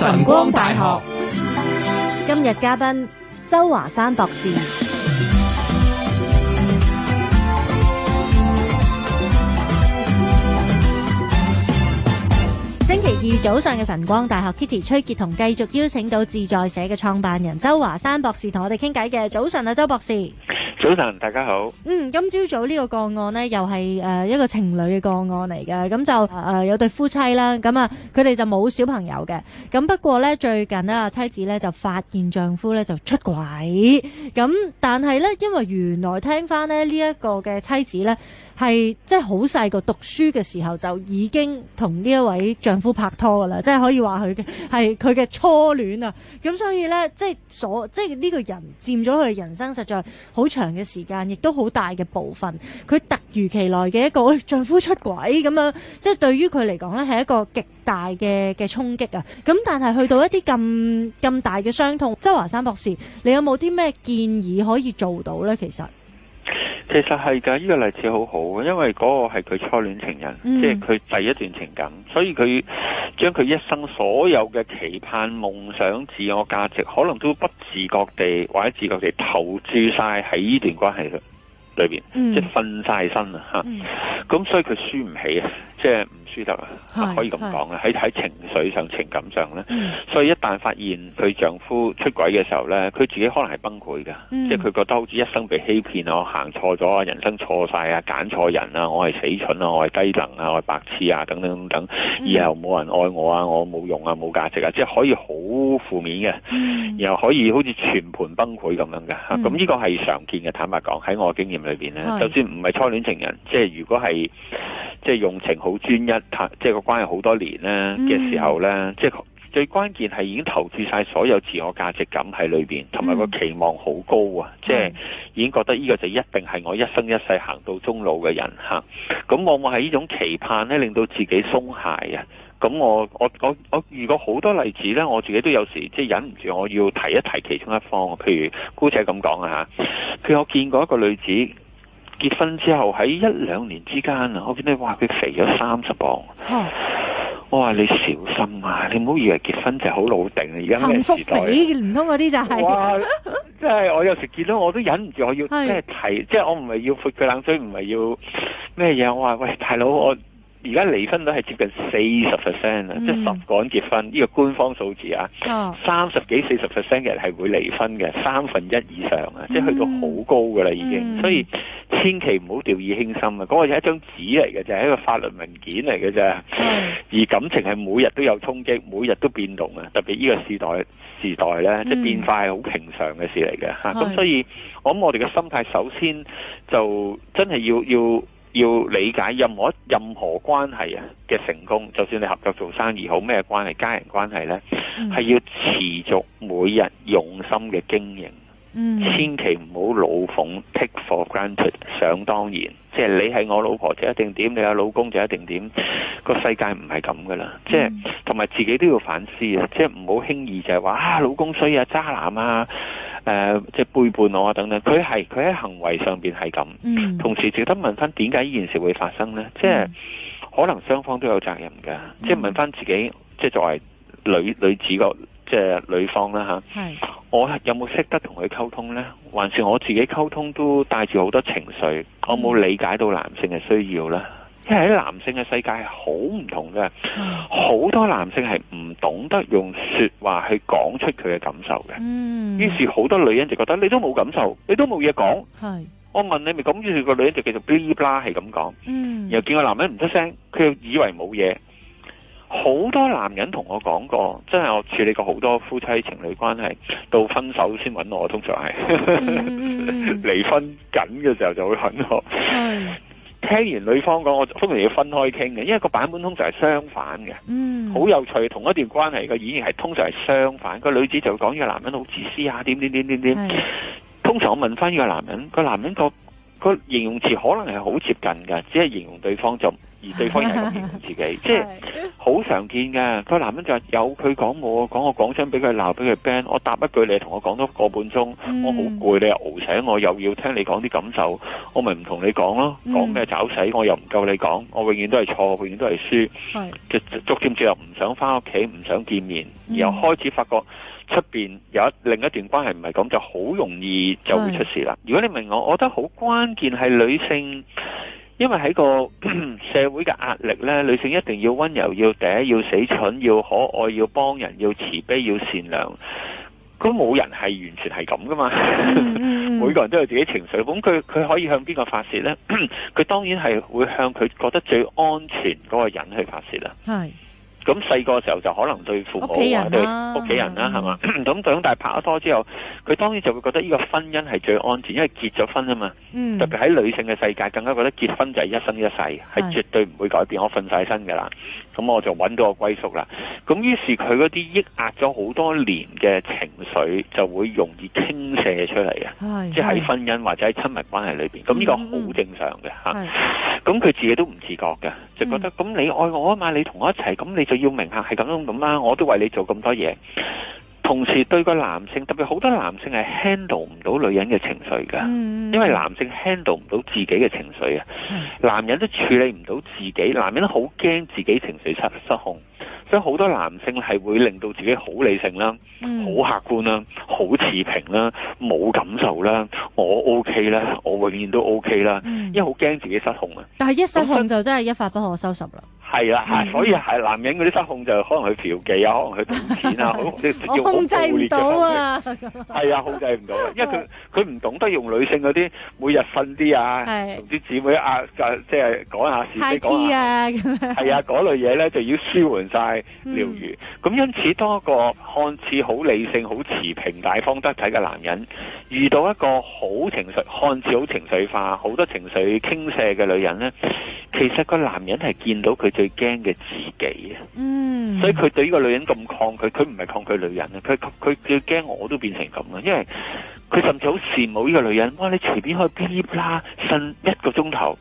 晨光大學今日嘉賓周華山博士。星期二早上嘅晨光大學，Kitty 崔杰同繼續邀請到自在社嘅創辦人周華山博士同我哋傾偈嘅。早晨啊，周博士。早晨，大家好。嗯，今朝早呢個個案咧，又係誒、呃、一個情侶嘅個案嚟嘅。咁、嗯、就誒、呃、有對夫妻啦。咁、嗯、啊，佢哋就冇小朋友嘅。咁、嗯、不過咧，最近咧，阿妻子咧就發現丈夫咧就出軌。咁、嗯、但係咧，因為原來聽翻咧呢一、這個嘅妻子咧係即係好細個讀書嘅時候就已經同呢一位丈夫拍拖噶啦，即係可以話佢嘅係佢嘅初戀啊。咁、嗯、所以咧，即係所即係呢個人佔咗佢人生，實在好長嘅時間亦都好大嘅部分，佢突如其來嘅一個、哎、丈夫出軌咁樣，即係對於佢嚟講呢係一個極大嘅嘅衝擊啊。咁但係去到一啲咁咁大嘅傷痛，周華山博士，你有冇啲咩建議可以做到呢？其實。其實係噶，呢、這個例子很好好，因為嗰個係佢初戀情人，即係佢第一段情感，所以佢將佢一生所有嘅期盼、夢想、自我價值，可能都不自覺地或者自覺地投注晒喺呢段關係嘅裏邊，即係瞓晒身啦吓。咁、嗯啊、所以佢輸唔起，即係。輸得可以咁講啦，喺喺情緒上、情感上咧、嗯，所以一旦發現佢丈夫出軌嘅時候咧，佢自己可能係崩潰嘅、嗯，即係佢覺得好似一生被欺騙啊，我行錯咗啊，人生錯晒啊，揀錯人啊，我係死蠢啊，我係低能啊、嗯，我係白痴啊，等等等等，以後冇人愛我啊，我冇用啊，冇價值啊，即係可以好負面嘅、嗯，然後可以好似全盤崩潰咁樣嘅，咁、嗯、呢個係常見嘅。坦白講喺我嘅經驗裏邊咧，就算唔係初戀情人，即係如果係即係用情好專一。即係個關係好多年呢嘅時候呢、嗯，即係最關鍵係已經投注晒所有自我價值感喺裏邊，同、嗯、埋個期望好高啊！即、嗯、係、就是、已經覺得呢個就一定係我一生一世行到終老嘅人吓。咁、啊、往往係呢種期盼呢，令到自己鬆懈。咁我我我我，我我我遇過好多例子呢，我自己都有時即係忍唔住，我要提一提其中一方。譬如姑姐咁講啊吓，譬如我見過一個女子。結婚之後喺一兩年之間啊，我見到哇佢肥咗三十磅，我、啊、話你小心啊，你唔好以為結婚就好老定啦，而家嘅時代，幸福肥唔通嗰啲就係、係，哇！ 即係我有時見到我都忍唔住我要即係提，即係我唔係要潑佢冷水，唔係要咩嘢，我話，喂，大佬我。而家離婚率係接近四十 percent 啦，即係十個人結婚，呢、這個官方數字啊，三十幾四十 percent 嘅人係會離婚嘅，三分一以上啊，嗯、即係去到好高噶啦已經、嗯，所以千祈唔好掉以輕心啊！嗰、那個係一張紙嚟嘅，就係、是、一個法律文件嚟嘅啫，而感情係每日都有衝擊，每日都變動啊。特別呢個時代時代咧、嗯，即係變化係好平常嘅事嚟嘅嚇。咁、嗯啊、所以我諗我哋嘅心態首先就真係要要。要要理解任何任何關係啊嘅成功，就算你合作做生意好，咩關係、家人關係咧，係、mm. 要持續每日用心嘅經營，mm. 千祈唔好老鳳 take for granted。想當然，即係你係我老婆就一定點，你有老公就一定點，個世界唔係咁噶啦，即係同埋自己都要反思啊，即係唔好輕易就係話啊老公衰啊、渣男啊。誒、呃，即係背叛我啊！等等，佢係佢喺行為上邊係咁。同時值得問翻點解呢件事會發生咧？即係、嗯、可能雙方都有責任㗎、嗯。即係問翻自己，即係作為女女子個即係女方啦吓、啊，我有冇識得同佢溝通咧？還是我自己溝通都帶住好多情緒？嗯、我冇理解到男性嘅需要咧。即係喺男性嘅世界係好唔同嘅。好、嗯、多男性係唔懂得用說話去講出佢嘅感受嘅。嗯，於是好多女人就覺得你都冇感受，你都冇嘢講。係，我問你咪咁，於是個女人就繼續嗶啦係咁講。嗯，又見個男人唔出聲，佢以為冇嘢。好多男人同我講過，真係我處理過好多夫妻情侶關係，到分手先揾我，通常係離、嗯嗯、 婚緊嘅時候就會揾我。係、嗯。 聽完女方講，我通常要分開傾嘅，因為個版本通常係相反嘅，嗯，好有趣。同一段關係，個演員係通常係相反，個女子就會講呢個男人好自私啊，點點點點點。通常我問翻呢個男人，個男人個個形容詞可能係好接近噶，只係形容對方就。 而對方又係咁認自己， 即係好常見嘅。個 男人就有佢講我，講我講親俾佢鬧，俾佢 ban。我答一句你同我講咗個半鐘、嗯，我好攰，你又熬醒我，又要聽你講啲感受，我咪唔同你講咯。講咩找死，嗯、我又唔夠你講，我永遠都係錯，永遠都係輸。就，就逐漸之後唔想翻屋企，唔想見面，然、嗯、後開始發覺出面有一另一段關係唔係咁，就好容易就會出事啦。如果你問我，我覺得好關鍵係女性。因為喺個社會嘅壓力呢，女性一定要温柔，要嗲，要死蠢，要可愛，要幫人，要慈悲，要善良。咁冇人係完全係咁噶嘛，mm-hmm. 每個人都有自己情緒。咁佢佢可以向邊個發洩呢？佢當然係會向佢覺得最安全嗰個人去發洩啦。係。咁細個時候就可能對父母啊對屋企人啦係嘛，咁長大拍咗拖之後，佢當然就會覺得呢個婚姻係最安全，因為結咗婚啊嘛。嗯。特別喺女性嘅世界，更加覺得結婚就係一生一世，係絕對唔會改變。我瞓晒身噶啦，咁我就搵到個歸宿啦。咁於是佢嗰啲抑壓咗好多年嘅情緒，就會容易傾瀉出嚟啊，即係喺婚姻或者喺親密關係裏邊，咁呢個好正常嘅吓。咁、嗯、佢、嗯啊、自己都唔自覺嘅。 就覺得咁，你愛我啊嘛，你同我一齊，咁你就要明下係咁樣咁啦，我都為你做咁多嘢。同時對個男性特別好多男性係 handle 唔到女人嘅情緒㗎、嗯，因為男性 handle 唔到自己嘅情緒啊、嗯，男人都處理唔到自己，男人好驚自己情緒失失控，所以好多男性係會令到自己好理性啦，好、嗯、客觀啦，好持平啦，冇感受啦，我 OK 啦，我永遠都 OK 啦、嗯，因為好驚自己失控啊，但係一失控就真係一發不可收拾啦。係啦，係，所以係男人嗰啲失控就可能去嫖妓啊，可能去賭錢啊，好啲要控制唔到啊。係 啊，控制唔到，因為佢佢唔懂得用女性嗰啲每日瞓啲啊，同 啲姊妹啊，啊啊即係講下是非講下。太痴啊！係啊，嗰類嘢咧 就要舒緩晒。療、嗯、愈。咁因此多個看似好理性、好持平、大方得體嘅男人，遇到一個好情緒、看似好情緒化、好多情緒傾瀉嘅女人咧，其實個男人係見到佢。最驚嘅自己啊、嗯，所以佢對呢個女人咁抗拒，佢唔係抗拒女人啊，佢佢最驚我都變成咁啊，因為佢甚至好羨慕呢個女人，哇！你隨便可以啦瞓一個鐘頭，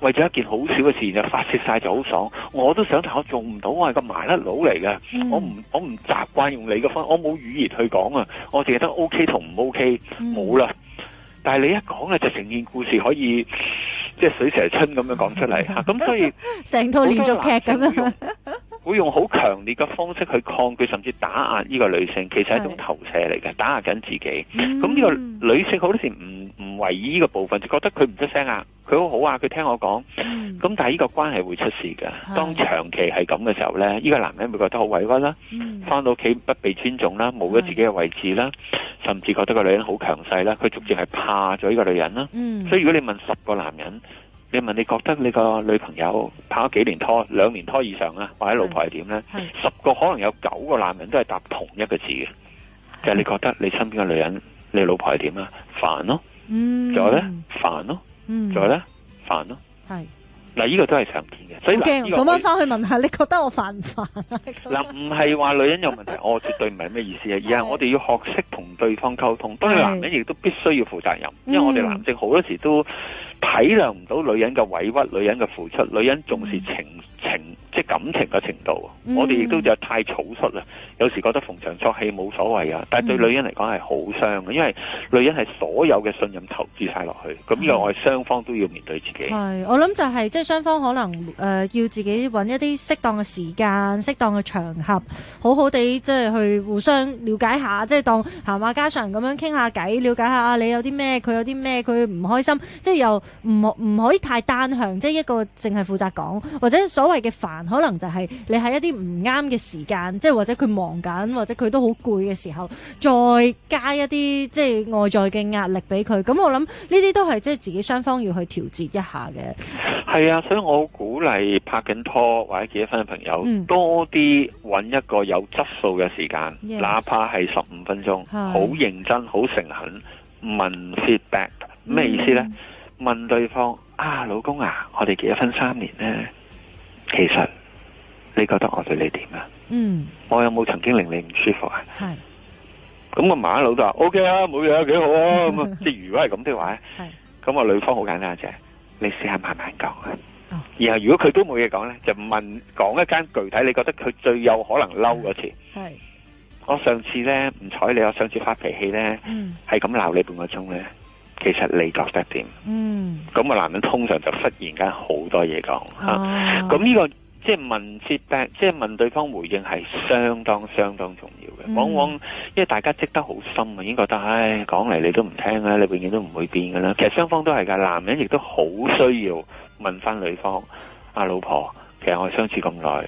為咗一件好小嘅事就發泄晒就好爽，我都想，但我做唔到，我係個麻甩佬嚟嘅，我唔我唔習慣用你嘅方，我冇語言去講啊，我淨係得 O K 同唔 O K，冇啦。但係你一講啊，就成件故事可以。即係水蛇春咁樣講出嚟，吓，咁、 啊、所以成套連續劇咁樣，會用好強 烈嘅方式去抗拒甚至打壓呢個女性，其實係一種投射嚟嘅，打壓緊自己。咁、嗯、呢個女性好多時唔唔為意呢個部分，就覺得佢唔出聲啊，佢好好啊，佢聽我講。咁但係呢個關係會出事嘅，當長期係咁嘅時候呢，呢、呢個男人會覺得好委屈啦，翻到屋企不被尊重啦，冇咗自己嘅位置啦，甚至覺得個女人好強勢啦，佢逐漸係怕咗呢個女人啦、嗯。所以如果你問十個男人，你問你覺得你個女朋友拍咗幾年拖兩年拖以上啦，或者老婆係點呢？十個可能有九個男人都係答同一個字嘅，就係、是、你覺得你身邊嘅女人，你老婆係點啊？煩咯，仲、嗯、有呢？煩咯，仲、嗯、有呢？煩咯，是嗱，呢個都係常見嘅，所以我咁樣翻去問下， 你覺得我煩唔煩？嗱，唔係話女人有問題，我、 哦、絕對唔係咩意思而係 我哋要學識同對方溝通。 當然男人亦都必須要負責任， 因為我哋男性好多時都。體諒唔到女人嘅委屈，女人嘅付出，女人重視情、嗯、情，情，即係感情嘅程度。嗯、我哋亦都就太草率啦。有時覺得逢場作戲冇所謂啊，但係對女人嚟講係好傷嘅，因為女人係所有嘅信任投資晒落去。咁呢個我哋雙方都要面對自己。係，我諗就係即係雙方可能誒、呃，要自己搵一啲適當嘅時間、適當嘅場合，好好地即係去互相了解下，即、就、係、是、當閒話、啊、家常咁樣傾下偈，了解下、啊、你有啲咩，佢有啲咩，佢唔開心，即係又。唔唔可以太單向，即係一個淨係負責講，或者所謂嘅煩，可能就係你喺一啲唔啱嘅時間，即係或者佢忙緊，或者佢都好攰嘅時候，再加一啲即係外在嘅壓力俾佢。咁我諗呢啲都係即係自己雙方要去調節一下嘅。係啊，所以我鼓勵拍緊拖或者結婚嘅朋友，嗯、多啲揾一個有質素嘅時間，yes、哪怕係十五分鐘，好認真、好誠懇問 feedback，咩意思呢？嗯問對方啊，老公啊，我哋結咗婚三年咧，其實你覺得我對你點啊？嗯，我有冇曾經令你唔舒服啊？係，咁我媽老豆話，O K 啊，冇嘢，幾好啊。咁，即係如果係咁嘅話咧，咁啊，女方好簡單啫，你試下慢慢講啊。然後如果佢都冇嘢講咧，就問講一間具體，你覺得佢最有可能嬲嗰次？係，我上次咧唔睬你，我上次發脾氣咧，係咁鬧你半個鐘咧。其實你覺得點？嗯，咁個男人通常就忽然間好多嘢講吓，咁、啊、呢、啊這個即係、就是、問接即係、就是、問對方回應係相當相當重要嘅、嗯。往往因為大家積得好深啊，已經覺得唉，講嚟你都唔聽啦，你永遠都唔會變噶啦。其實雙方都係噶，男人亦都好需要問翻女方啊，老婆，其實我相處咁耐，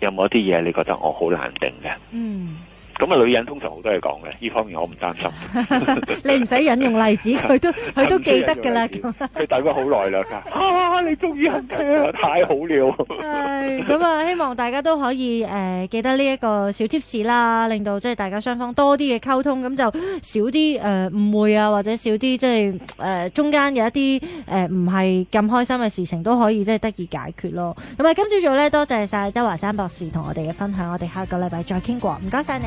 有冇啲嘢你覺得我好難頂嘅？嗯。咁啊，女人通常好多嘢講嘅，呢方面我唔擔心。 你唔使引用例子，佢 都佢都記得㗎啦。佢等咗好耐啦。 啊，你中意嘅？太好了。係咁啊，希望大家都可以誒、呃、記得呢一個小 tips 啦，令到即係大家雙方多啲嘅溝通，咁就少啲誒、呃、誤會啊，或者少啲即係誒中間有一啲誒唔係咁開心嘅事情都可以即係、就是、得以解決咯。咁、嗯、啊，今朝早咧多謝晒周華山博士同我哋嘅分享，我哋下個禮拜再傾過。唔該晒你。